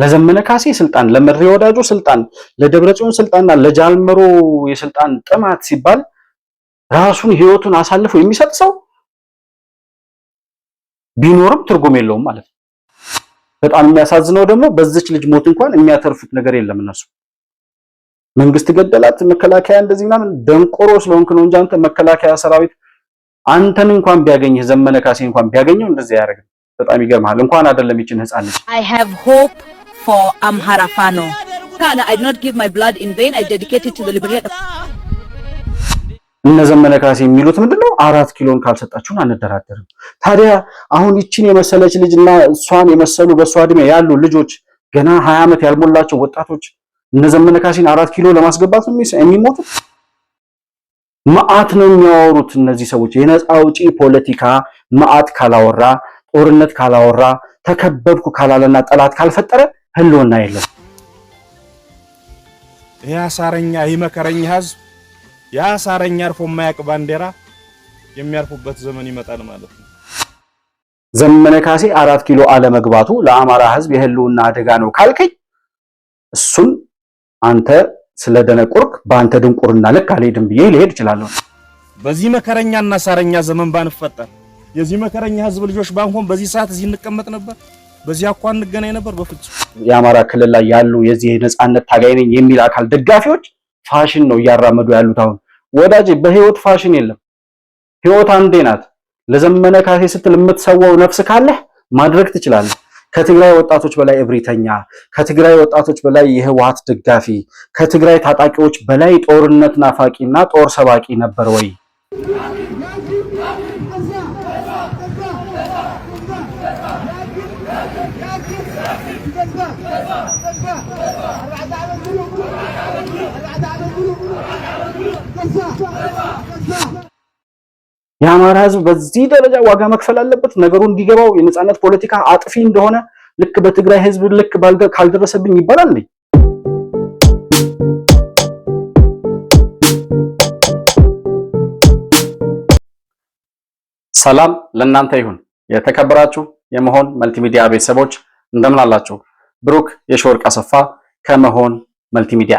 ለዘመነ ካሴ ስልጣን፣ ለመድሬ ወዳጆ ስልጣን፣ ለደብረጽዮን ስልጣንና ለጃልመሮ የስልጣን ጥማት ሲባል ራሱን ህይወቱን አሳልፎ የሚሰጥ ሰው ቢኖርም ትርጉም የለውም ማለት ነው። በጣም የሚያሳዝነው ደግሞ በዚች ልጅ ሞት እንኳን የሚያተርፉት ነገር የለም እነሱ። መንግስት ገደላት፣ መከላከያ እንደዚህ ምናምን። ደንቆሮ ስለሆንክ ነው እንጂ አንተ መከላከያ ሰራዊት አንተን እንኳን ቢያገኝህ ዘመነ ካሴ እንኳን ቢያገኘው እንደዚህ አያደርግም። በጣም ይገርማል። እንኳን አይደለም ይችን ህፃን ልጅ for Amhara Fano. I did not give my blood in vain. I dedicated to the liberated. እነ ዘመነ ካሴ የሚሉት ምንድነው? አራት ኪሎን ካልሰጣችሁን አንደራደርም። ታዲያ አሁን ይችን የመሰለች ልጅ እና እሷን የመሰሉ በእሷ እድሜ ያሉ ልጆች ገና ሀያ ዓመት ያልሞላቸው ወጣቶች እነ ዘመነ ካሴን አራት ኪሎ ለማስገባት የሚሞቱት መዓት ነው የሚያወሩት እነዚህ ሰዎች። የነፃ አውጪ ፖለቲካ መዓት ካላወራ ጦርነት ካላወራ ተከበብኩ ካላለና ጠላት ካልፈጠረ ህልውና የለም። ይህ አሳረኛ ይህ መከረኛ ህዝብ የአሳረኛ አርፎ የማያውቅ ባንዲራ የሚያርፉበት ዘመን ይመጣል ማለት ነው። ዘመነ ካሴ አራት ኪሎ አለመግባቱ ለአማራ ህዝብ የህልውና አደጋ ነው ካልከኝ እሱን አንተ ስለደነቁርክ በአንተ ድንቁርና ልክ አልሄድም ብዬ ልሄድ እችላለሁ። በዚህ መከረኛና አሳረኛ ዘመን ባንፈጠር የዚህ መከረኛ ህዝብ ልጆች ባንሆን በዚህ ሰዓት እዚህ እንቀመጥ ነበር? በዚህ አኳን እንገናኝ ነበር። በፍጹም የአማራ ክልል ላይ ያሉ የዚህ ነፃነት ታጋይ ነኝ የሚል አካል ደጋፊዎች ፋሽን ነው እያራመዱ ያሉት። አሁን ወዳጅ በህይወት ፋሽን የለም። ህይወት አንዴ ናት። ለዘመነ ካሴ ስትል የምትሰዋው ነፍስ ካለህ ማድረግ ትችላለህ። ከትግራይ ወጣቶች በላይ እብሪተኛ፣ ከትግራይ ወጣቶች በላይ የህወሓት ደጋፊ፣ ከትግራይ ታጣቂዎች በላይ ጦርነት ናፋቂና ጦር ሰባቂ ነበር ወይ? የአማራ ህዝብ በዚህ ደረጃ ዋጋ መክፈል አለበት። ነገሩ እንዲገባው የነጻነት ፖለቲካ አጥፊ እንደሆነ ልክ በትግራይ ህዝብ ልክ ካልደረሰብኝ ይባላል እንዴ? ሰላም ለእናንተ ይሁን። የተከበራችሁ የመሆን መልቲሚዲያ ቤተሰቦች እንደምን አላችሁ? ብሩክ የሾርቅ አሰፋ ከመሆን መልቲሚዲያ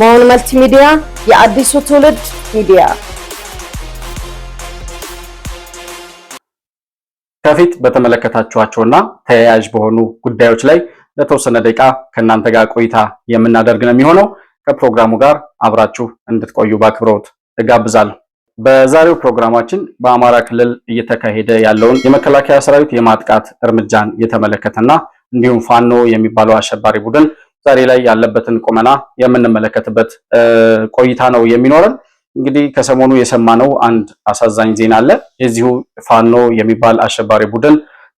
መሆን መልቲ ሚዲያ የአዲሱ ትውልድ ሚዲያ። ከፊት በተመለከታችኋቸውና ተያያዥ በሆኑ ጉዳዮች ላይ ለተወሰነ ደቂቃ ከእናንተ ጋር ቆይታ የምናደርግ ነው የሚሆነው። ከፕሮግራሙ ጋር አብራችሁ እንድትቆዩ በአክብሮት እጋብዛለሁ። በዛሬው ፕሮግራማችን በአማራ ክልል እየተካሄደ ያለውን የመከላከያ ሰራዊት የማጥቃት እርምጃን የተመለከተና እንዲሁም ፋኖ የሚባለው አሸባሪ ቡድን ዛሬ ላይ ያለበትን ቁመና የምንመለከትበት ቆይታ ነው የሚኖረን። እንግዲህ ከሰሞኑ የሰማነው አንድ አሳዛኝ ዜና አለ። የዚሁ ፋኖ የሚባል አሸባሪ ቡድን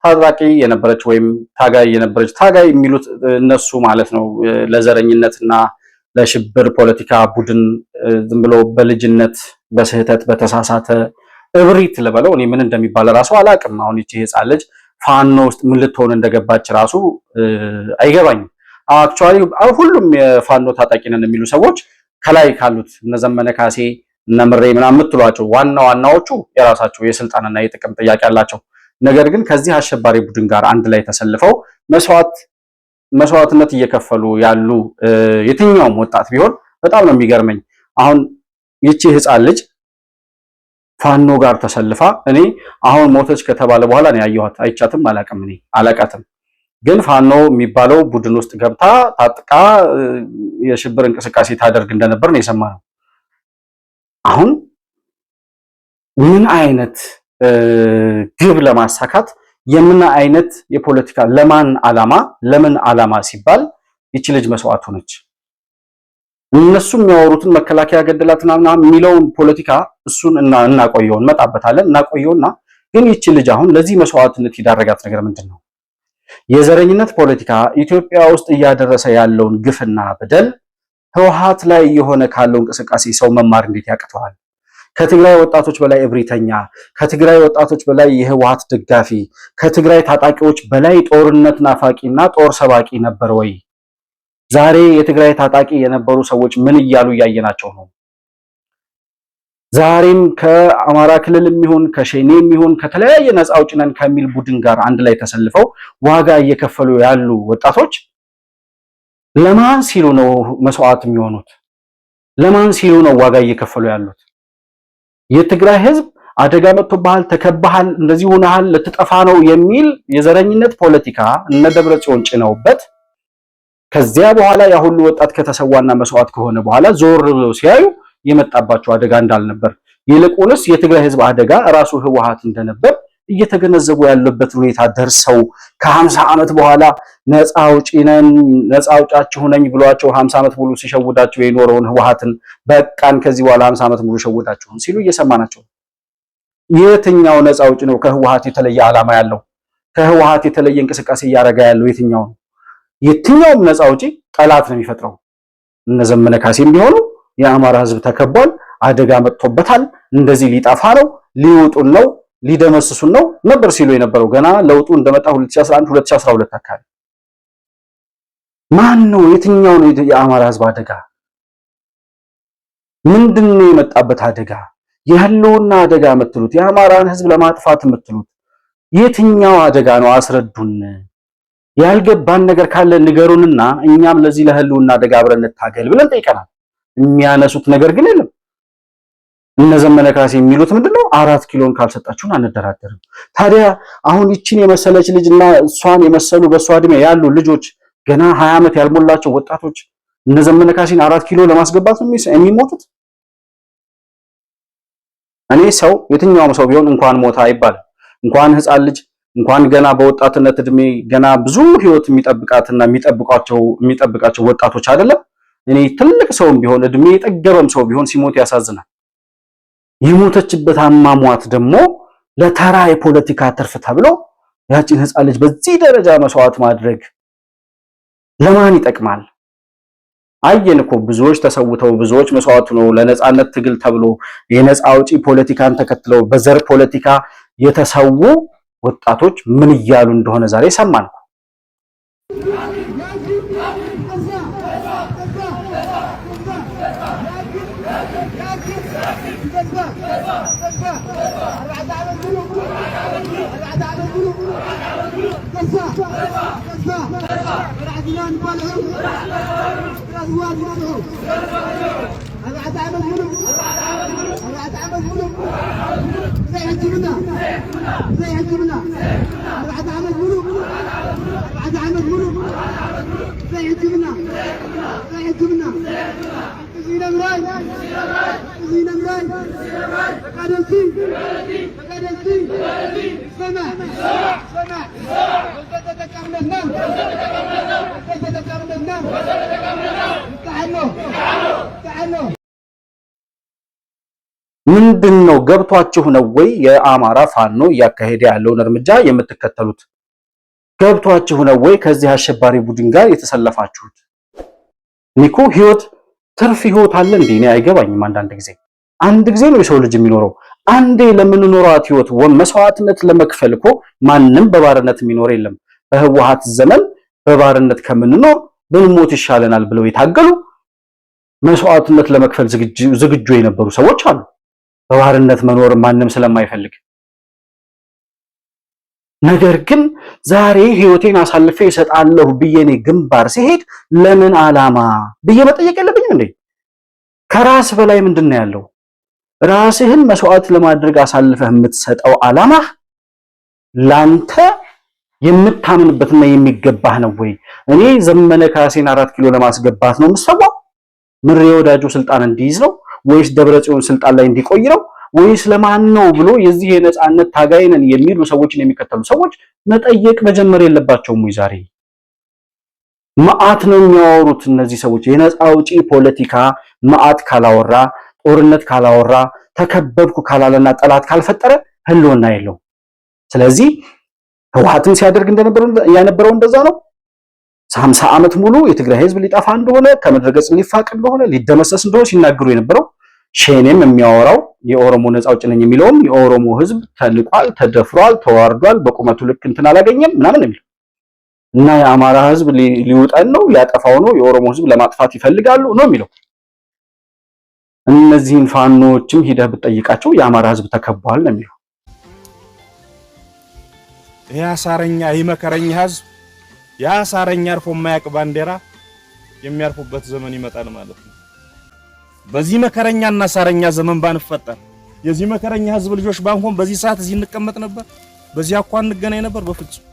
ታጣቂ የነበረች ወይም ታጋይ የነበረች ታጋይ የሚሉት እነሱ ማለት ነው ለዘረኝነትና ለሽብር ፖለቲካ ቡድን ዝም ብሎ በልጅነት በስህተት በተሳሳተ እብሪት ልበለው እኔ ምን እንደሚባል ራሱ አላቅም። አሁን ይቺ ህፃን ልጅ ፋኖ ውስጥ ምን ልትሆን እንደገባች ራሱ አይገባኝም። አክቹዋሊ ሁሉም የፋኖ ታጣቂ ነን የሚሉ ሰዎች ከላይ ካሉት እነ ዘመነ ካሴ እነ ምሬ ምናምን የምትሏቸው ዋና ዋናዎቹ የራሳቸው የስልጣንና የጥቅም ጥያቄ አላቸው። ነገር ግን ከዚህ አሸባሪ ቡድን ጋር አንድ ላይ ተሰልፈው መስዋዕት መስዋዕትነት እየከፈሉ ያሉ የትኛውም ወጣት ቢሆን በጣም ነው የሚገርመኝ። አሁን ይቺ ህፃን ልጅ ፋኖ ጋር ተሰልፋ እኔ አሁን ሞተች ከተባለ በኋላ ነው ያየኋት። አይቻትም፣ አላቅም፣ እኔ አላቃትም። ግን ፋኖ የሚባለው ቡድን ውስጥ ገብታ ታጥቃ የሽብር እንቅስቃሴ ታደርግ እንደነበር ነው የሰማነው። አሁን ምን አይነት ግብ ለማሳካት የምን አይነት የፖለቲካ ለማን አላማ ለምን አላማ ሲባል ይቺ ልጅ መስዋዕት ሆነች። እነሱ የሚያወሩትን መከላከያ ገደላትና የሚለውን ፖለቲካ እሱን እናቆየውን መጣበታለን እናቆየውና ግን ይቺ ልጅ አሁን ለዚህ መስዋዕትነት ይዳረጋት ነገር ምንድን ነው? የዘረኝነት ፖለቲካ ኢትዮጵያ ውስጥ እያደረሰ ያለውን ግፍና በደል ህወሓት ላይ እየሆነ ካለው እንቅስቃሴ ሰው መማር እንዴት ያቅተዋል? ከትግራይ ወጣቶች በላይ እብሪተኛ፣ ከትግራይ ወጣቶች በላይ የህወሓት ደጋፊ፣ ከትግራይ ታጣቂዎች በላይ ጦርነት ናፋቂና ጦር ሰባቂ ነበር ወይ? ዛሬ የትግራይ ታጣቂ የነበሩ ሰዎች ምን እያሉ እያየናቸው ነው? ዛሬም ከአማራ ክልል የሚሆን ከሸኔ የሚሆን ከተለያየ ነፃ አውጪ ነን ከሚል ቡድን ጋር አንድ ላይ ተሰልፈው ዋጋ እየከፈሉ ያሉ ወጣቶች ለማን ሲሉ ነው መስዋዕት የሚሆኑት? ለማን ሲሉ ነው ዋጋ እየከፈሉ ያሉት? የትግራይ ህዝብ አደጋ መጥቶብሃል፣ ተከባሃል፣ እንደዚህ ሆነሃል፣ ልትጠፋ ነው የሚል የዘረኝነት ፖለቲካ እነ ደብረ ጽዮን ጭነውበት ከዚያ በኋላ ያ ሁሉ ወጣት ከተሰዋና መስዋዕት ከሆነ በኋላ ዞር ብለው ሲያዩ የመጣባቸው አደጋ እንዳልነበር ይልቁንስ የትግራይ ህዝብ አደጋ ራሱ ህወሓት እንደነበር እየተገነዘቡ ያለበት ሁኔታ ደርሰው ከሀምሳ ዓመት በኋላ ነፃ አውጪ ነን ነፃ አውጫችሁ ነኝ ብሏቸው ሀምሳ ዓመት ሙሉ ሲሸውዳቸው የኖረውን ህወሓትን በቃን ከዚህ በኋላ ሀምሳ ዓመት ሙሉ ሸውዳችሁን ሲሉ እየሰማናቸው የትኛው ነፃ አውጪ ነው? ከህወሓት የተለየ ዓላማ ያለው ከህወሓት የተለየ እንቅስቃሴ እያደረገ ያለው የትኛው ነው? የትኛውም ነፃ አውጪ ጠላት ነው የሚፈጥረው። እነ ዘመነ ካሴም ቢሆኑ የአማራ ህዝብ ተከቧል፣ አደጋ መጥቶበታል፣ እንደዚህ ሊጠፋ ነው፣ ሊውጡን ነው፣ ሊደመስሱን ነው ነበር ሲሉ የነበረው ገና ለውጡ እንደመጣ 2011 2012 አካባቢ። ማን ነው የትኛው ነው የአማራ ህዝብ አደጋ? ምንድን ነው የመጣበት አደጋ? የህልውና አደጋ የምትሉት የአማራን ህዝብ ለማጥፋት የምትሉት የትኛው አደጋ ነው? አስረዱን። ያልገባን ነገር ካለ ንገሩንና እኛም ለዚህ ለህልውና አደጋ አብረን እንታገል ብለን ጠይቀናል። የሚያነሱት ነገር ግን የለም። እነ ዘመነ ካሴ የሚሉት ምንድነው? አራት ኪሎን ካልሰጣችሁን አንደራደርም። ታዲያ አሁን ይችን የመሰለች ልጅ እና እሷን የመሰሉ በእሷ እድሜ ያሉ ልጆች ገና ሀያ ዓመት ያልሞላቸው ወጣቶች እነ ዘመነ ካሴን አራት ኪሎ ለማስገባት ነው የሚሞቱት። እኔ ሰው የትኛውም ሰው ቢሆን እንኳን ሞታ አይባልም። እንኳን ህፃን ልጅ እንኳን ገና በወጣትነት እድሜ ገና ብዙ ህይወት የሚጠብቃትና የሚጠብቃቸው የሚጠብቃቸው ወጣቶች አይደለም እኔ ትልቅ ሰውም ቢሆን እድሜ የጠገበም ሰው ቢሆን ሲሞት ያሳዝናል። የሞተችበት አሟሟት ደግሞ ለተራ የፖለቲካ ትርፍ ተብሎ ያችን ህፃን ልጅ በዚህ ደረጃ መስዋዕት ማድረግ ለማን ይጠቅማል? አየን እኮ ብዙዎች ተሰውተው ብዙዎች መስዋዕት ነው ለነጻነት ትግል ተብሎ የነፃ አውጪ ፖለቲካን ተከትለው በዘር ፖለቲካ የተሰዉ ወጣቶች ምን እያሉ እንደሆነ ዛሬ ሰማን። الألوان والعرب الألوان والعرب أربعة عام الملك أربعة عام الملك زي حكمنا زي حكمنا أربعة عام الملك أربعة عام الملك زي حكمنا زي حكمنا زينا مراي زينا مراي قادسي قادسي سمع سمع سمع وزادتك أمنا وزادتك أمنا ምንድን ነው? ገብቷችሁ ነው ወይ የአማራ ፋኖ እያካሄደ ያለውን እርምጃ የምትከተሉት? ገብቷችሁ ነው ወይ ከዚህ አሸባሪ ቡድን ጋር የተሰለፋችሁት? ኒኮ ህይወት ትርፍ ህይወት አለ እንዴ? እኔ አይገባኝም። አንዳንድ ጊዜ አንድ ጊዜ ነው የሰው ልጅ የሚኖረው። አንዴ ለምንኖራት ህይወት መስዋዕትነት ለመክፈል እኮ ማንም በባርነት የሚኖር የለም። በህወሓት ዘመን በባርነት ከምንኖር ብንሞት ይሻለናል ብለው የታገሉ መስዋዕትነት ለመክፈል ዝግጁ የነበሩ ሰዎች አሉ። በባህርነት መኖር ማንም ስለማይፈልግ ነገር ግን ዛሬ ህይወቴን አሳልፌ እሰጣለሁ ብዬ እኔ ግንባር ሲሄድ ለምን አላማ ብዬ መጠየቅ የለብኝም እንዴ? ከራስ በላይ ምንድን ነው ያለው? ራስህን መስዋዕት ለማድረግ አሳልፈህ የምትሰጠው አላማ ላንተ የምታምንበትና የሚገባህ ነው ወይ? እኔ ዘመነ ካሴን አራት ኪሎ ለማስገባት ነው የምሰዋው? ምሬ ወዳጆ ስልጣን እንዲይዝ ነው ወይስ ደብረጽዮን ስልጣን ላይ እንዲቆይ ነው ወይስ ለማን ነው ብሎ የዚህ የነጻነት ታጋይ ነን የሚሉ ሰዎችን የሚከተሉ ሰዎች መጠየቅ መጀመር የለባቸውም ወይ? ዛሬ መዓት ነው የሚያወሩት እነዚህ ሰዎች። የነፃ አውጪ ፖለቲካ መዓት ካላወራ፣ ጦርነት ካላወራ፣ ተከበብኩ ካላለና ጠላት ካልፈጠረ ህልውና የለው። ስለዚህ ህወሓትን ሲያደርግ የነበረው እንደዛ ነው። ሀምሳ ዓመት ሙሉ የትግራይ ህዝብ ሊጠፋ እንደሆነ ከምድረገጽ ሊፋቅ እንደሆነ ሊደመሰስ እንደሆነ ሲናገሩ የነበረው ሸኔም የሚያወራው የኦሮሞ ነፃ አውጪ ነኝ የሚለውም የኦሮሞ ህዝብ ተልቋል፣ ተደፍሯል፣ ተዋርዷል፣ በቁመቱ ልክ እንትን አላገኘም ምናምን የሚለው እና የአማራ ህዝብ ሊውጠን ነው ሊያጠፋው ነው የኦሮሞ ህዝብ ለማጥፋት ይፈልጋሉ ነው የሚለው። እነዚህን ፋኖዎችም ሂደህ ብትጠይቃቸው የአማራ ህዝብ ተከቧል ነው የሚለው። ያሳረኛ ይመከረኛ ህዝብ ያሳረኛ አርፎ የማያውቅ ባንዲራ የሚያርፉበት ዘመን ይመጣል ማለት ነው። በዚህ መከረኛና ሳረኛ ዘመን ባንፈጠር የዚህ መከረኛ ህዝብ ልጆች ባንሆን በዚህ ሰዓት እዚህ እንቀመጥ ነበር፣ በዚህ አኳ እንገናኝ ነበር። በፍጹም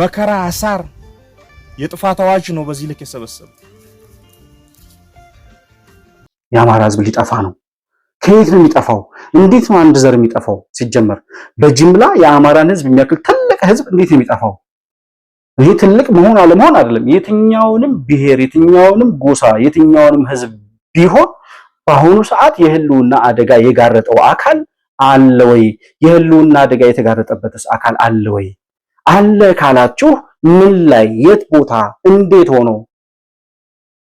መከራ አሳር የጥፋት አዋጅ ነው። በዚህ ልክ የሰበሰበ የአማራ ህዝብ ሊጠፋ ነው። ከየት ነው የሚጠፋው? እንዴት ነው አንድ ዘር የሚጠፋው? ሲጀመር በጅምላ የአማራን ህዝብ የሚያክል ትልቅ ህዝብ እንዴት ነው የሚጠፋው? ይህ ትልቅ መሆን አለመሆን አይደለም። የትኛውንም ብሔር፣ የትኛውንም ጎሳ፣ የትኛውንም ህዝብ ቢሆን በአሁኑ ሰዓት የህልውና አደጋ የጋረጠው አካል አለ ወይ? የህልውና አደጋ የተጋረጠበትስ አካል አለ ወይ? አለ ካላችሁ ምን ላይ፣ የት ቦታ፣ እንዴት ሆነው?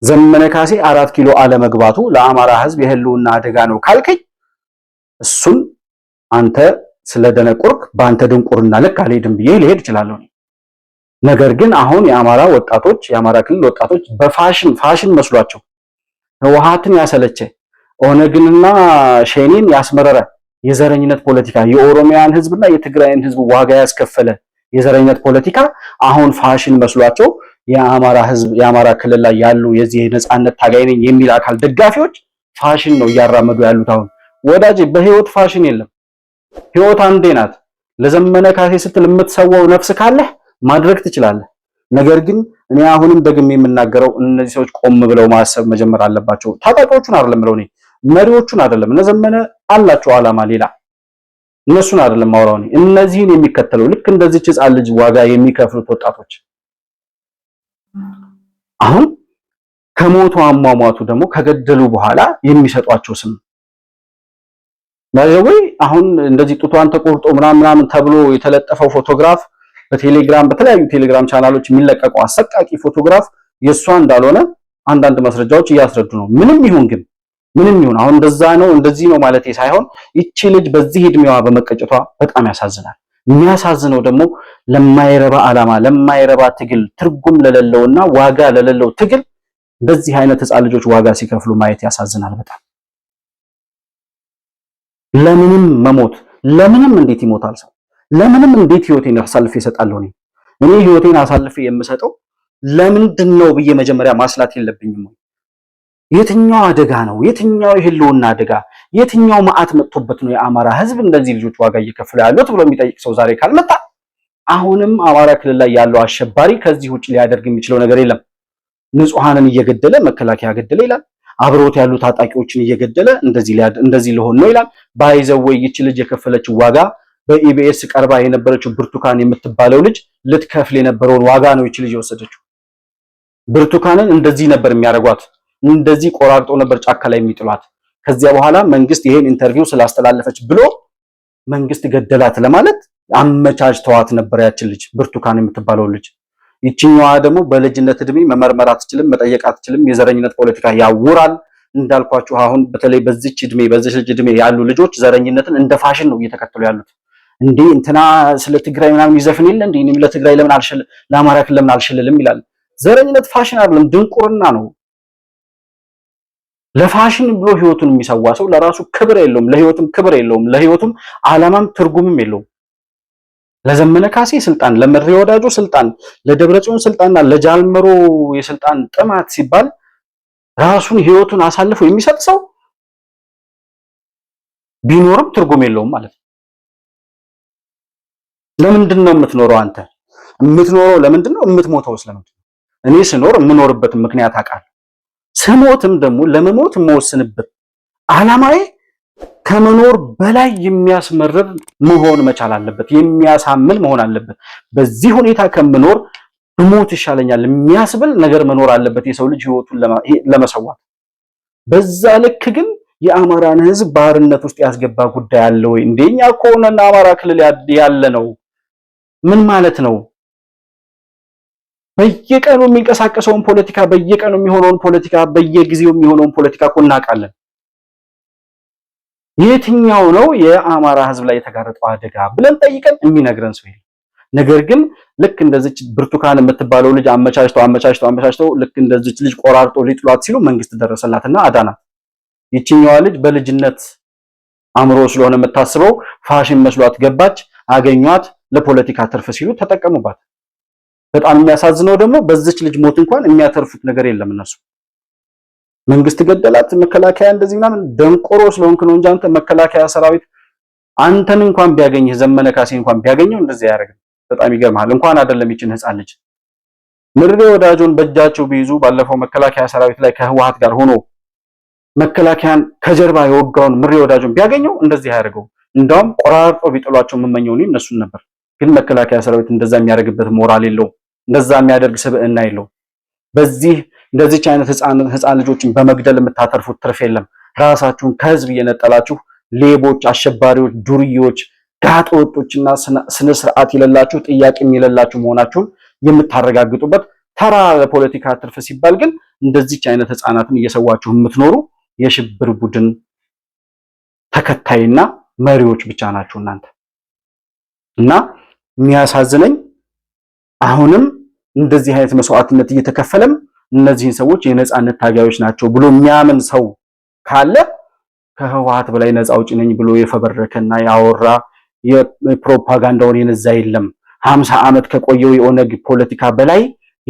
ዘመነ ካሴ አራት ኪሎ አለመግባቱ ለአማራ ህዝብ የህልውና አደጋ ነው ካልከኝ እሱን አንተ ስለደነቁርክ በአንተ ድንቁርና ልክ አልሄድም ብዬ ልሄድ እችላለሁ። ነገር ግን አሁን የአማራ ወጣቶች የአማራ ክልል ወጣቶች በፋሽን ፋሽን መስሏቸው ህወሓትን ያሰለቸ ኦነግንና ሸኔን ያስመረረ የዘረኝነት ፖለቲካ የኦሮሚያን ህዝብና የትግራይን ህዝብ ዋጋ ያስከፈለ የዘረኝነት ፖለቲካ አሁን ፋሽን መስሏቸው የአማራ ህዝብ የአማራ ክልል ላይ ያሉ የዚህ ነፃነት ታጋይ ነኝ የሚል አካል ደጋፊዎች ፋሽን ነው እያራመዱ ያሉት። አሁን ወዳጅ በህይወት ፋሽን የለም። ህይወት አንዴ ናት። ለዘመነ ካሴ ስትል የምትሰዋው ነፍስ ካለህ ማድረግ ትችላለህ። ነገር ግን እኔ አሁንም ደግሜ የምናገረው እነዚህ ሰዎች ቆም ብለው ማሰብ መጀመር አለባቸው። ታጣቂዎቹን አይደለም ብለው እኔ መሪዎቹን አይደለም እነ ዘመነ አላቸው ሌላ እነሱን አይደለም ማውራው እነዚህን የሚከተለው ልክ እንደዚች ህፃን ልጅ ዋጋ የሚከፍሉት ወጣቶች አሁን ከሞቱ አሟሟቱ ደግሞ ከገደሉ በኋላ የሚሰጧቸው ስም ባይዘወይ አሁን እንደዚህ ጡቷን ተቆርጦ ምናምን ምናምን ተብሎ የተለጠፈው ፎቶግራፍ በቴሌግራም በተለያዩ ቴሌግራም ቻናሎች የሚለቀቀው አሰቃቂ ፎቶግራፍ የእሷ እንዳልሆነ አንዳንድ መስረጃዎች እያስረዱ ነው። ምንም ይሁን ግን ምንም ይሁን አሁን እንደዛ ነው እንደዚህ ነው ማለት ሳይሆን ይቺ ልጅ በዚህ እድሜዋ በመቀጨቷ በጣም ያሳዝናል። የሚያሳዝነው ደግሞ ለማይረባ ዓላማ፣ ለማይረባ ትግል፣ ትርጉም ለሌለውና ዋጋ ለሌለው ትግል በዚህ አይነት ህፃን ልጆች ዋጋ ሲከፍሉ ማየት ያሳዝናል በጣም። ለምንም መሞት ለምንም እንዴት ይሞታል ሰው? ለምንም እንዴት ህይወቴን አሳልፌ እሰጣለሁ? እኔ እኔ ህይወቴን አሳልፌ የምሰጠው ለምንድን ነው ብዬ መጀመሪያ ማስላት የለብኝም? የትኛው አደጋ ነው? የትኛው የህልውና አደጋ የትኛው መዓት መጥቶበት ነው የአማራ ህዝብ እንደዚህ ልጆች ዋጋ እየከፈሉ ያሉት ብሎ የሚጠይቅ ሰው ዛሬ ካልመጣ አሁንም አማራ ክልል ላይ ያለው አሸባሪ ከዚህ ውጭ ሊያደርግ የሚችለው ነገር የለም። ንጹሐንን እየገደለ መከላከያ ገደለ ይላል። አብሮት ያሉ ታጣቂዎችን እየገደለ እንደዚህ እንደዚህ ሊሆን ነው ይላል። ባይዘወይ ይች ልጅ የከፈለችው ዋጋ በኢቢኤስ ቀርባ የነበረችው ብርቱካን የምትባለው ልጅ ልትከፍል የነበረውን ዋጋ ነው ይች ልጅ የወሰደችው። ብርቱካንን እንደዚህ ነበር የሚያደርጓት። እንደዚህ ቆራርጦ ነበር ጫካ ላይ የሚጥሏት። ከዚያ በኋላ መንግስት ይሄን ኢንተርቪው ስላስተላለፈች ብሎ መንግስት ገደላት ለማለት አመቻችተዋት ነበር። ያችን ልጅ ብርቱካን የምትባለው ልጅ ይችኛዋ ደግሞ በልጅነት እድሜ መመርመር አትችልም፣ መጠየቅ አትችልም። የዘረኝነት ፖለቲካ ያውራል እንዳልኳችሁ አሁን በተለይ በዚች እድሜ በዚች ልጅ እድሜ ያሉ ልጆች ዘረኝነትን እንደ ፋሽን ነው እየተከተሉ ያሉት። እንዴ እንትና ስለ ትግራይ ምናምን ይዘፍን የለ እንዴ ለትግራይ ለምን አልሽል ለአማራ ክልል ለምን አልሽልልም ይላል። ዘረኝነት ፋሽን አይደለም፣ ድንቁርና ነው። ለፋሽን ብሎ ህይወቱን የሚሰዋ ሰው ለራሱ ክብር የለውም፣ ለህይወቱም ክብር የለውም፣ ለህይወቱም አላማም ትርጉምም የለውም። ለዘመነ ካሴ ስልጣን፣ ለመድሬ ወዳጆ ስልጣን፣ ለደብረጽዮን ስልጣንና ለጃልመሮ የስልጣን ጥማት ሲባል ራሱን ህይወቱን አሳልፎ የሚሰጥ ሰው ቢኖርም ትርጉም የለውም ማለት ነው። ለምንድን ነው የምትኖረው? አንተ የምትኖረው ለምንድን ነው? የምትሞተው ለምንድን ነው? እኔ ስኖር የምኖርበትን ምክንያት አውቃለሁ። ስሞትም ደግሞ ለመሞት የምወስንበት ዓላማዬ ከመኖር በላይ የሚያስመርር መሆን መቻል አለበት፣ የሚያሳምን መሆን አለበት። በዚህ ሁኔታ ከምኖር ብሞት ይሻለኛል የሚያስብል ነገር መኖር አለበት የሰው ልጅ ህይወቱን ለመሰዋት። በዛ ልክ ግን የአማራን ህዝብ ባርነት ውስጥ ያስገባ ጉዳይ አለ ወይ? እንደኛ ከሆነና አማራ ክልል ያለ ነው ምን ማለት ነው? በየቀኑ የሚንቀሳቀሰውን ፖለቲካ በየቀኑ የሚሆነውን ፖለቲካ በየጊዜው የሚሆነውን ፖለቲካ እኮ እናውቃለን። የትኛው ነው የአማራ ህዝብ ላይ የተጋረጠው አደጋ ብለን ጠይቀን የሚነግረን ሰው ነገር ግን ልክ እንደዚች ብርቱካን የምትባለው ልጅ አመቻችተው አመቻችተው አመቻችተው ልክ እንደዚች ልጅ ቆራርጦ ሊጥሏት ሲሉ መንግስት ደረሰላትና አዳናት። ይችኛዋ ልጅ በልጅነት አእምሮ ስለሆነ የምታስበው ፋሽን መስሏት ገባች፣ አገኟት፣ ለፖለቲካ ትርፍ ሲሉ ተጠቀሙባት። በጣም የሚያሳዝነው ደግሞ በዚች ልጅ ሞት እንኳን የሚያተርፉት ነገር የለም እነሱ መንግስት ገደላት፣ መከላከያ እንደዚህ ምናምን። ደንቆሮ ስለሆንክ ነው እንጂ አንተ መከላከያ ሰራዊት አንተን እንኳን ቢያገኝህ ዘመነ ካሴ እንኳን ቢያገኘው እንደዚህ ያደርግ? በጣም ይገርማል። እንኳን አይደለም ይችን ህፃን ልጅ ምድሬ ወዳጆን በእጃቸው ቢይዙ ባለፈው መከላከያ ሰራዊት ላይ ከህወሓት ጋር ሆኖ መከላከያን ከጀርባ የወጋውን ምሬ ወዳጆን ቢያገኘው እንደዚህ ያደርገው? እንዳውም ቆራርጦ ቢጥሏቸው የምመኘው እኔ እነሱን ነበር። ግን መከላከያ ሰራዊት እንደዛ የሚያደርግበት ሞራል የለውም። እንደዛ የሚያደርግ ስብዕና የለው በዚህ እንደዚች አይነት ህፃን ልጆችን በመግደል የምታተርፉት ትርፍ የለም። ራሳችሁን ከህዝብ እየነጠላችሁ ሌቦች፣ አሸባሪዎች፣ ዱርዬዎች፣ ጋጠ ወጦችና ስነ ስርዓት የሌላችሁ ጥያቄም የሌላችሁ መሆናችሁን የምታረጋግጡበት ተራ ለፖለቲካ ትርፍ ሲባል ግን እንደዚች አይነት ህፃናትን እየሰዋችሁ የምትኖሩ የሽብር ቡድን ተከታይና መሪዎች ብቻ ናችሁ እናንተ እና የሚያሳዝነኝ አሁንም እንደዚህ አይነት መስዋዕትነት እየተከፈለም እነዚህን ሰዎች የነጻነት ታጋዮች ናቸው ብሎ የሚያምን ሰው ካለ ከህወሓት በላይ ነጻ አውጪ ነኝ ብሎ የፈበረከና ያወራ የፕሮፓጋንዳውን የነዛ የለም። ሀምሳ ዓመት ከቆየው የኦነግ ፖለቲካ በላይ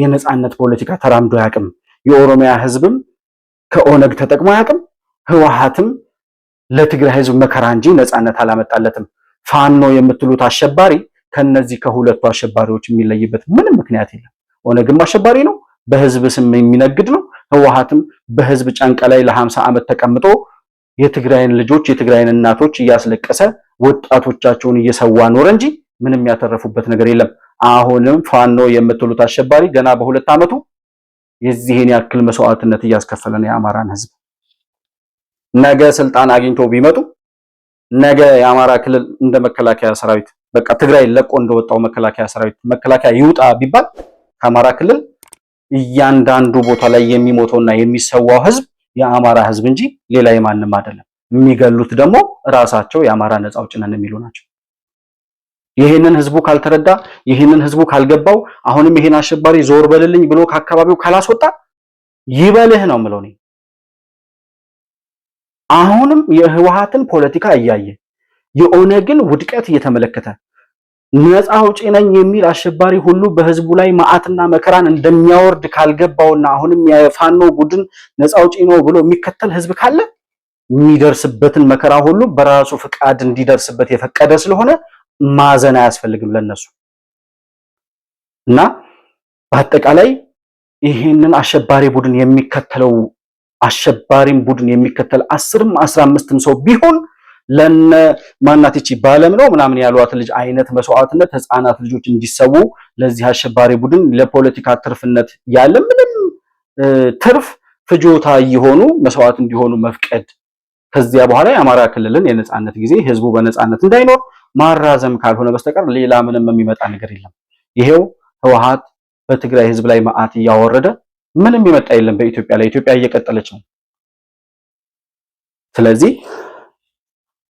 የነጻነት ፖለቲካ ተራምዶ አያውቅም። የኦሮሚያ ህዝብም ከኦነግ ተጠቅሞ አያውቅም። ህወሓትም ለትግራይ ህዝብ መከራ እንጂ ነጻነት አላመጣለትም። ፋኖ የምትሉት አሸባሪ ከነዚህ ከሁለቱ አሸባሪዎች የሚለይበት ምንም ምክንያት የለም። ኦነግም አሸባሪ ነው፣ በህዝብ ስም የሚነግድ ነው። ህወሓትም በህዝብ ጫንቃ ላይ ለሀምሳ ዓመት ተቀምጦ የትግራይን ልጆች የትግራይን እናቶች እያስለቀሰ ወጣቶቻቸውን እየሰዋ ኖረ እንጂ ምንም ያተረፉበት ነገር የለም። አሁንም ፋኖ የምትሉት አሸባሪ ገና በሁለት ዓመቱ የዚህን ያክል መስዋዕትነት እያስከፈለ ነው የአማራን ህዝብ። ነገ ስልጣን አግኝቶ ቢመጡ ነገ የአማራ ክልል እንደ መከላከያ ሰራዊት በቃ ትግራይ ለቆ እንደወጣው መከላከያ ሰራዊት መከላከያ ይውጣ ቢባል ከአማራ ክልል እያንዳንዱ ቦታ ላይ የሚሞተውና የሚሰዋው ህዝብ የአማራ ህዝብ እንጂ ሌላ የማንም አይደለም። የሚገሉት ደግሞ ራሳቸው የአማራ ነጻ አውጪ ነን የሚሉ ናቸው። ይህንን ህዝቡ ካልተረዳ፣ ይህንን ህዝቡ ካልገባው፣ አሁንም ይሄን አሸባሪ ዞር በልልኝ ብሎ ከአካባቢው ካላስወጣ ይበልህ ነው የምለው እኔ። አሁንም የህወሓትን ፖለቲካ እያየ የኦነግን ውድቀት እየተመለከተ ነፃ አውጪ ነኝ የሚል አሸባሪ ሁሉ በህዝቡ ላይ መዓትና መከራን እንደሚያወርድ ካልገባውና አሁንም የፋኖ ቡድን ነፃ አውጪ ነው ብሎ የሚከተል ህዝብ ካለ የሚደርስበትን መከራ ሁሉ በራሱ ፍቃድ እንዲደርስበት የፈቀደ ስለሆነ ማዘን አያስፈልግም ለነሱ እና በአጠቃላይ ይህንን አሸባሪ ቡድን የሚከተለው አሸባሪም ቡድን የሚከተል አስርም አስራ አምስትም ሰው ቢሆን ለነ ማናት ይቺ ባለም ነው ምናምን ያሏት ልጅ አይነት መስዋዕትነት ህፃናት ልጆች እንዲሰዉ ለዚህ አሸባሪ ቡድን ለፖለቲካ ትርፍነት ያለ ምንም ትርፍ ፍጆታ እየሆኑ መስዋዕት እንዲሆኑ መፍቀድ ከዚያ በኋላ የአማራ ክልልን የነጻነት ጊዜ ህዝቡ በነጻነት እንዳይኖር ማራዘም ካልሆነ በስተቀር ሌላ ምንም የሚመጣ ነገር የለም። ይሄው ህወሓት በትግራይ ህዝብ ላይ መዓት እያወረደ ምንም ይመጣ የለም በኢትዮጵያ ላይ ኢትዮጵያ እየቀጠለች ነው። ስለዚህ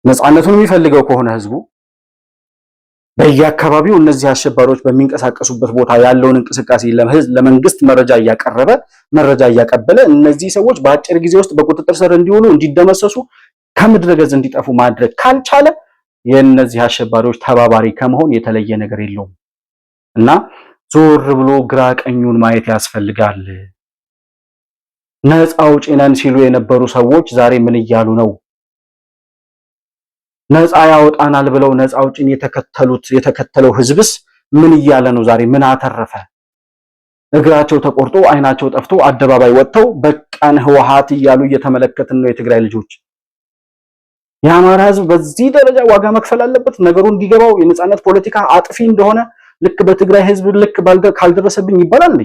ነፃነቱን የሚፈልገው ከሆነ ህዝቡ በየአካባቢው እነዚህ አሸባሪዎች በሚንቀሳቀሱበት ቦታ ያለውን እንቅስቃሴ ለመንግስት መረጃ እያቀረበ መረጃ እያቀበለ እነዚህ ሰዎች በአጭር ጊዜ ውስጥ በቁጥጥር ስር እንዲውሉ፣ እንዲደመሰሱ፣ ከምድረ ገጽ እንዲጠፉ ማድረግ ካልቻለ የእነዚህ አሸባሪዎች ተባባሪ ከመሆን የተለየ ነገር የለውም እና ዞር ብሎ ግራ ቀኙን ማየት ያስፈልጋል። ነፃ አውጪ ነን ሲሉ የነበሩ ሰዎች ዛሬ ምን እያሉ ነው? ነፃ ያወጣናል ብለው ነፃ አውጪን የተከተሉት የተከተለው ህዝብስ ምን እያለ ነው? ዛሬ ምን አተረፈ? እግራቸው ተቆርጦ አይናቸው ጠፍቶ አደባባይ ወጥተው በቃን ህወሓት እያሉ እየተመለከትን ነው። የትግራይ ልጆች የአማራ ህዝብ በዚህ ደረጃ ዋጋ መክፈል አለበት። ነገሩ እንዲገባው የነፃነት ፖለቲካ አጥፊ እንደሆነ ልክ በትግራይ ህዝብ ልክ ካልደረሰብኝ ይባላል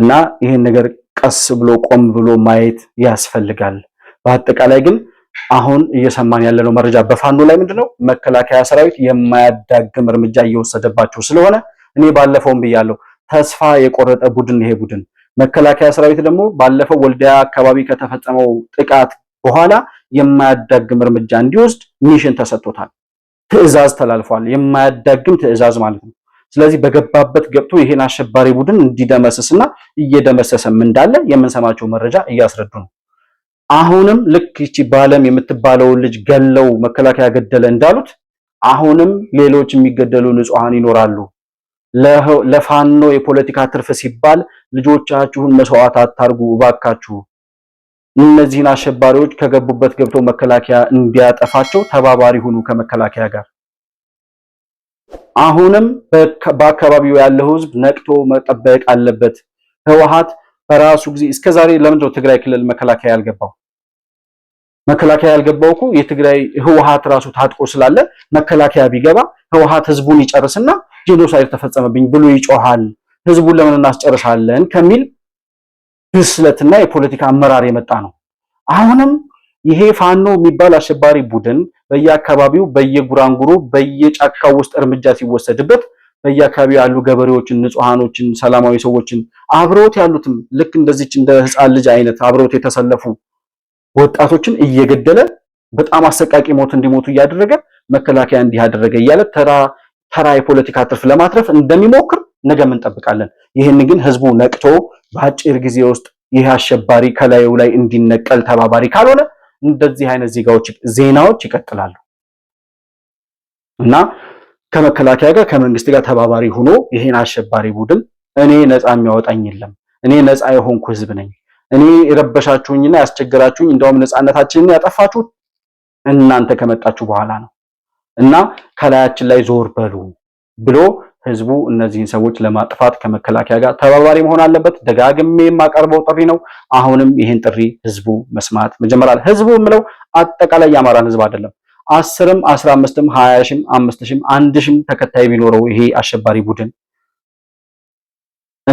እና ይሄን ነገር ቀስ ብሎ ቆም ብሎ ማየት ያስፈልጋል። በአጠቃላይ ግን አሁን እየሰማን ያለነው መረጃ በፋኖ ላይ ምንድነው? መከላከያ ሰራዊት የማያዳግም እርምጃ እየወሰደባቸው ስለሆነ እኔ ባለፈውም ብያለሁ፣ ተስፋ የቆረጠ ቡድን ይሄ ቡድን። መከላከያ ሰራዊት ደግሞ ባለፈው ወልዲያ አካባቢ ከተፈጸመው ጥቃት በኋላ የማያዳግም እርምጃ እንዲወስድ ሚሽን ተሰጥቶታል፣ ትዕዛዝ ተላልፏል። የማያዳግም ትዕዛዝ ማለት ነው። ስለዚህ በገባበት ገብቶ ይሄን አሸባሪ ቡድን እንዲደመስስና እየደመሰሰም እንዳለ የምንሰማቸው መረጃ እያስረዱ ነው። አሁንም ልክ ይቺ ባለም የምትባለውን ልጅ ገለው መከላከያ ገደለ እንዳሉት አሁንም ሌሎች የሚገደሉ ንጹሃን ይኖራሉ። ለፋኖ የፖለቲካ ትርፍ ሲባል ልጆቻችሁን መስዋዕት አታርጉ እባካችሁ። እነዚህን አሸባሪዎች ከገቡበት ገብተው መከላከያ እንዲያጠፋቸው ተባባሪ ሁኑ ከመከላከያ ጋር። አሁንም በአካባቢው ያለው ህዝብ ነቅቶ መጠበቅ አለበት። ህወሓት በራሱ ጊዜ እስከ ዛሬ ለምንድነው ትግራይ ክልል መከላከያ ያልገባው? መከላከያ ያልገባው እኮ የትግራይ ህወሃት ራሱ ታጥቆ ስላለ መከላከያ ቢገባ ህወሃት ህዝቡን ይጨርስና ጄኖሳይድ ተፈጸመብኝ ብሎ ይጮሃል፣ ህዝቡን ለምን እናስጨርሳለን ከሚል ብስለትና የፖለቲካ አመራር የመጣ ነው። አሁንም ይሄ ፋኖ የሚባል አሸባሪ ቡድን በየአካባቢው በየጉራንጉሩ በየጫካው ውስጥ እርምጃ ሲወሰድበት በየአካባቢው ያሉ ገበሬዎችን፣ ንጹሃኖችን፣ ሰላማዊ ሰዎችን አብረውት ያሉትም ልክ እንደዚች እንደ ህፃን ልጅ አይነት አብረውት የተሰለፉ ወጣቶችን እየገደለ በጣም አሰቃቂ ሞት እንዲሞቱ እያደረገ መከላከያ እንዲህ አደረገ እያለ ተራ ተራ የፖለቲካ ትርፍ ለማትረፍ እንደሚሞክር ነገም እንጠብቃለን። ይህን ግን ህዝቡ ነቅቶ በአጭር ጊዜ ውስጥ ይህ አሸባሪ ከላዩ ላይ እንዲነቀል ተባባሪ ካልሆነ እንደዚህ አይነት ዜጋዎች ዜናዎች ይቀጥላሉ እና ከመከላከያ ጋር ከመንግስት ጋር ተባባሪ ሆኖ ይሄን አሸባሪ ቡድን እኔ ነፃ የሚያወጣኝ የለም፣ እኔ ነፃ የሆንኩ ህዝብ ነኝ፣ እኔ የረበሻችሁኝና ያስቸገራችሁኝ እንደውም ነፃነታችንን ያጠፋችሁት እናንተ ከመጣችሁ በኋላ ነው እና ከላያችን ላይ ዞር በሉ ብሎ ህዝቡ እነዚህን ሰዎች ለማጥፋት ከመከላከያ ጋር ተባባሪ መሆን አለበት። ደጋግሜ የማቀርበው ጥሪ ነው። አሁንም ይህን ጥሪ ህዝቡ መስማት መጀመሪያ ህዝቡ የምለው አጠቃላይ የአማራን ህዝብ አይደለም አስርም አስራ አምስትም ሀያ ሺም አምስት ሺም አንድ ሺም ተከታይ ቢኖረው ይሄ አሸባሪ ቡድን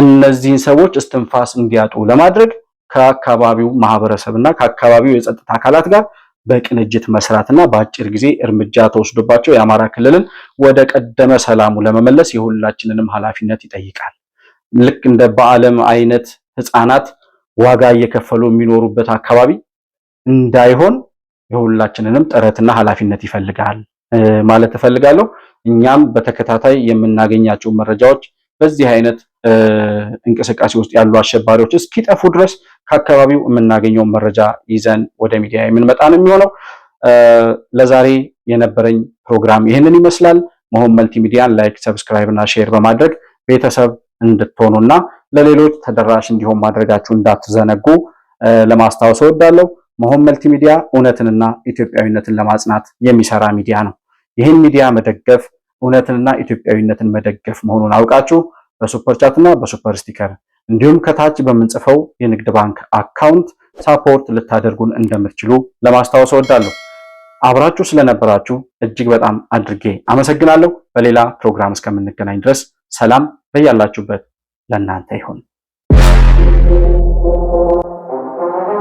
እነዚህን ሰዎች እስትንፋስ እንዲያጡ ለማድረግ ከአካባቢው ማህበረሰብ እና ከአካባቢው የጸጥታ አካላት ጋር በቅንጅት መስራትና በአጭር ጊዜ እርምጃ ተወስዶባቸው የአማራ ክልልን ወደ ቀደመ ሰላሙ ለመመለስ የሁላችንንም ኃላፊነት ይጠይቃል። ልክ እንደ በዓለም አይነት ህፃናት ዋጋ እየከፈሉ የሚኖሩበት አካባቢ እንዳይሆን የሁላችንንም ጥረትና ኃላፊነት ይፈልጋል ማለት እፈልጋለሁ። እኛም በተከታታይ የምናገኛቸው መረጃዎች በዚህ አይነት እንቅስቃሴ ውስጥ ያሉ አሸባሪዎች እስኪጠፉ ድረስ ከአካባቢው የምናገኘው መረጃ ይዘን ወደ ሚዲያ የምንመጣን የሚሆነው። ለዛሬ የነበረኝ ፕሮግራም ይህንን ይመስላል። መሆን መልቲሚዲያን ላይክ፣ ሰብስክራይብ እና ሼር በማድረግ ቤተሰብ እንድትሆኑና ለሌሎች ተደራሽ እንዲሆን ማድረጋችሁ እንዳትዘነጉ ለማስታወስ እወዳለሁ። መሆን መልቲ ሚዲያ እውነትንና ኢትዮጵያዊነትን ለማጽናት የሚሰራ ሚዲያ ነው። ይህን ሚዲያ መደገፍ እውነትንና ኢትዮጵያዊነትን መደገፍ መሆኑን አውቃችሁ በሱፐር ቻት እና በሱፐር ስቲከር እንዲሁም ከታች በምንጽፈው የንግድ ባንክ አካውንት ሳፖርት ልታደርጉን እንደምትችሉ ለማስታወስ እወዳለሁ። አብራችሁ ስለነበራችሁ እጅግ በጣም አድርጌ አመሰግናለሁ። በሌላ ፕሮግራም እስከምንገናኝ ድረስ ሰላም በያላችሁበት ለእናንተ ይሁን።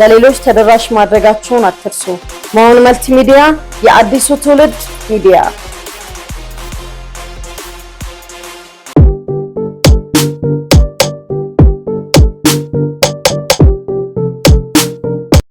ለሌሎች ተደራሽ ማድረጋቸውን አትርሱ። መሆን መልቲሚዲያ የአዲሱ ትውልድ ሚዲያ